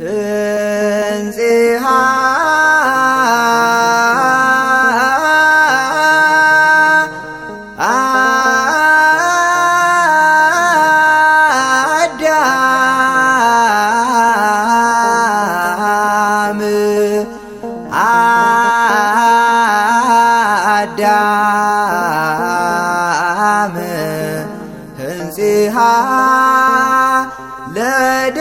እንዚሃ አዳም አዳም ለደ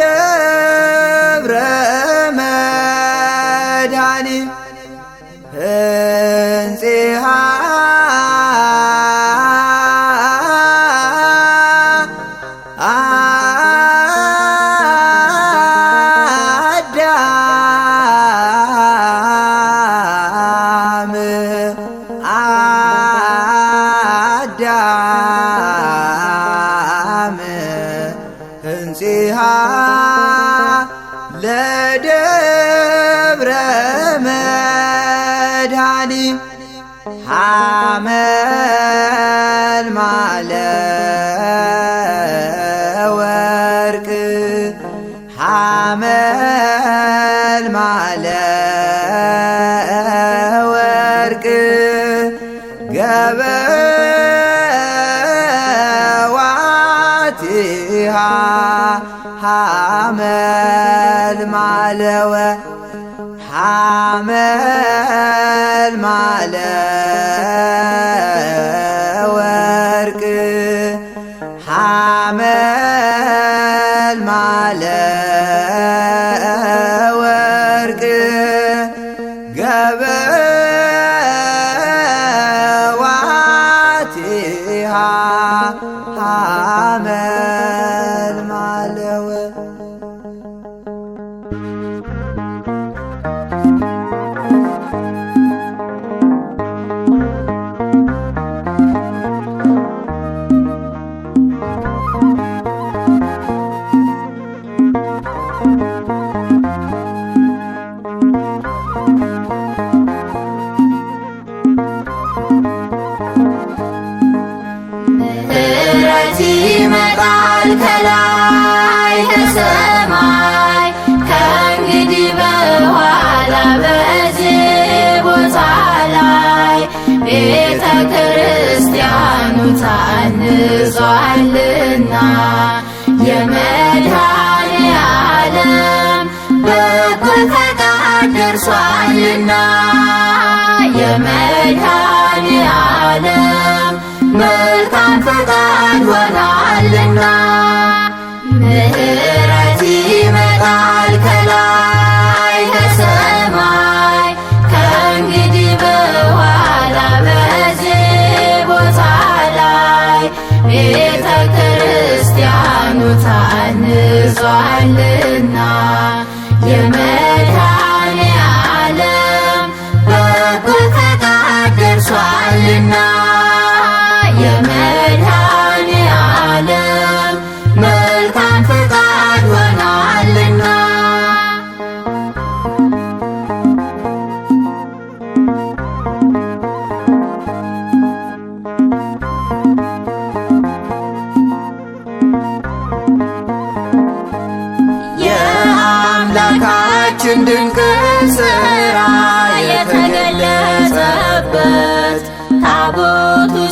ሐመል ማለወ ሐመል ማለ ወርቅ ሐመል ማለ ወርቅ ገበዋቲሃ ሐመል ማለወ ከላይ ከሰማይ ከእንግዲህ በኋላ በዚህ ቦታ ላይ ቤተ ክርስቲያኑ ታንጿልና የመድኃኔ ዓለም በጎ ፈቃድ ደርሷልና የመድኃኔ ዓለም መልካም ፈቃድ ሆናልና ምሕረት ይመጣል ከላይ ከሰማይ ከእንግዲህ በኋላ በዚህ ቦታ ላይ ቤተ ክርስቲያኑ ታንጿልና your melody.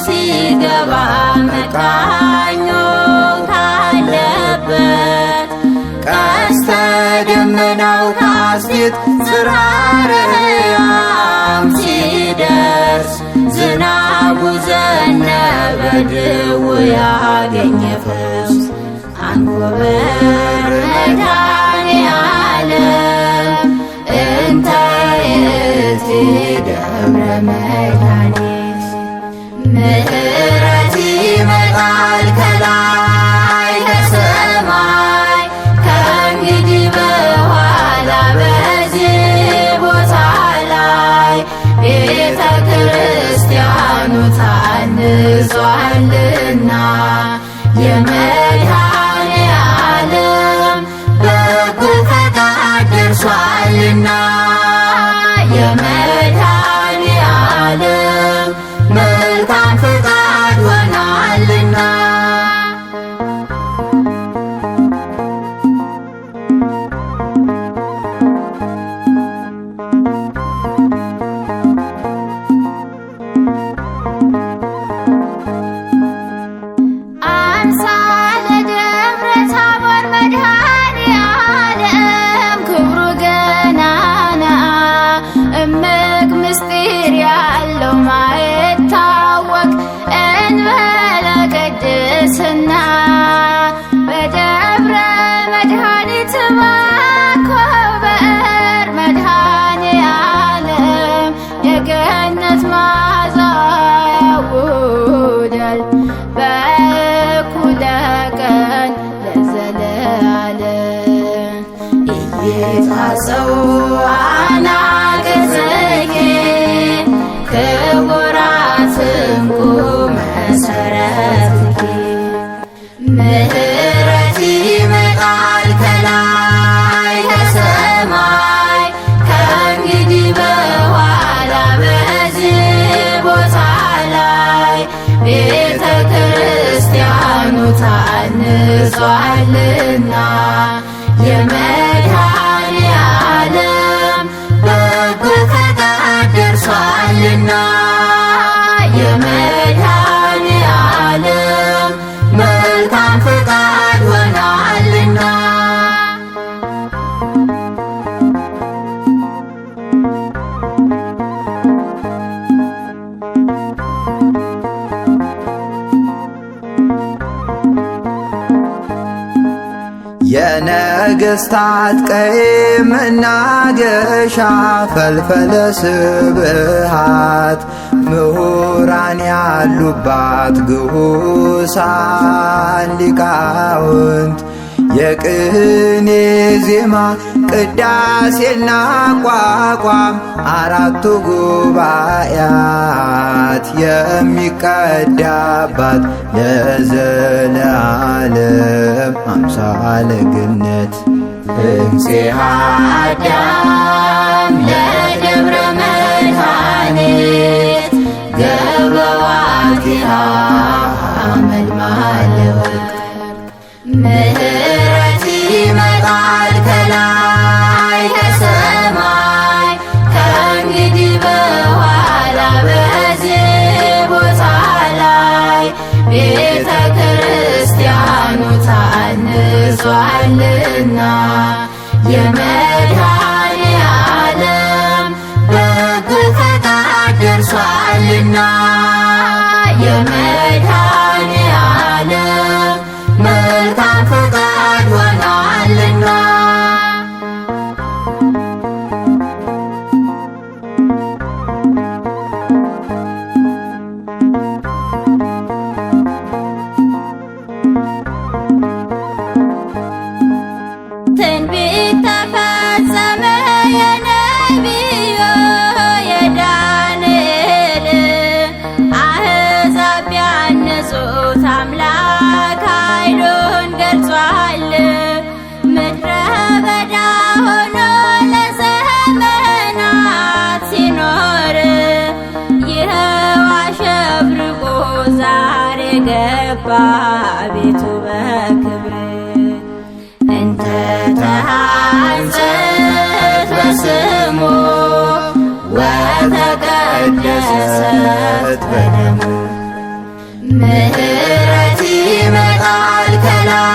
ሲገባ መቃኞ ካለበት ቀስተ ደመናው ካስቲት ጽራርያም ሲደርስ ዝናቡ ዘነበ፣ ያገኘ ፈውስ አንጎበር እንተ ደብረ ታንሷልና የመድኃኔ በጎ ፈቃድ ደርሷልና ቅድስና በደብረ መድኃኒት ቦታ አንሷልና የመድኃኔ ዓለም በጎ ፈቃድ ደርሷልና ነገስታት ቀይ መናገሻ ፈልፈለ ስብሃት ምሁራን ያሉባት ግሁሳን ሊቃውንት የቅኔ ዜማ ቅዳሴና ቋቋም አራቱ ጉባኤያት የሚቀዳባት ለዘለዓለም አምሳለ ገነት እንጽሐ አዳም ለደብረ መድኃኒት ገበዋቲሃ አመልማለወቅ ማለወቅ አብሷልና የመድኃኔ ዓለም በጎ ፈቃድ ደርሷልና ገባ ቤቱ በክብር እንተ በስሙ ወተቀደሰት በደሙ ይመጣል ከላይ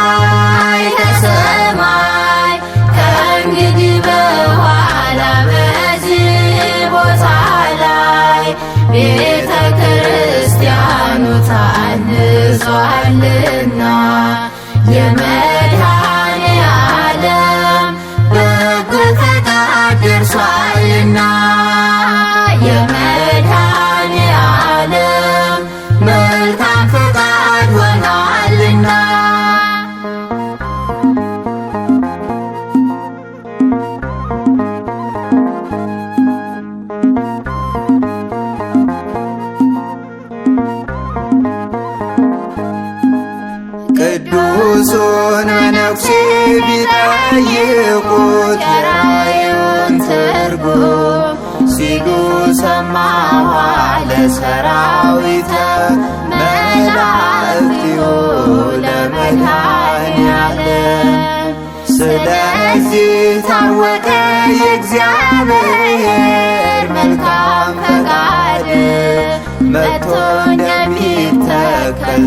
ደርሷልና የመድኃኔ ዓለም በጎ ፈቃድ ደርሷልና ቅዱሱን መነኩሴ ቢጠይቁት የራእዩን ትርጉም ሲሉ ሰማሁ አለ ሰራዊተ መላእክቲሁ ለመድኃኔዓለም። ስለዚህ ታወቀ የእግዚአብሔር መልካም ፈቃድ መጥቶ እንደሚተከል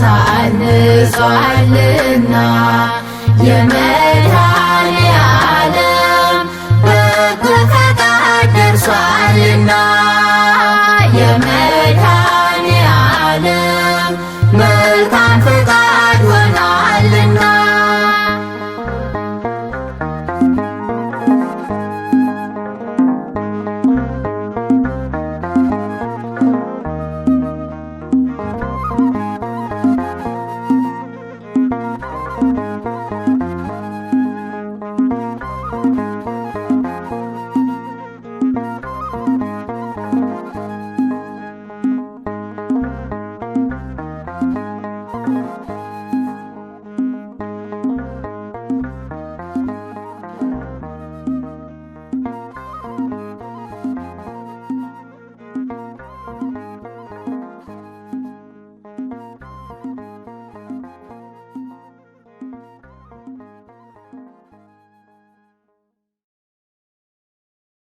ቦታ አንሷልና የመ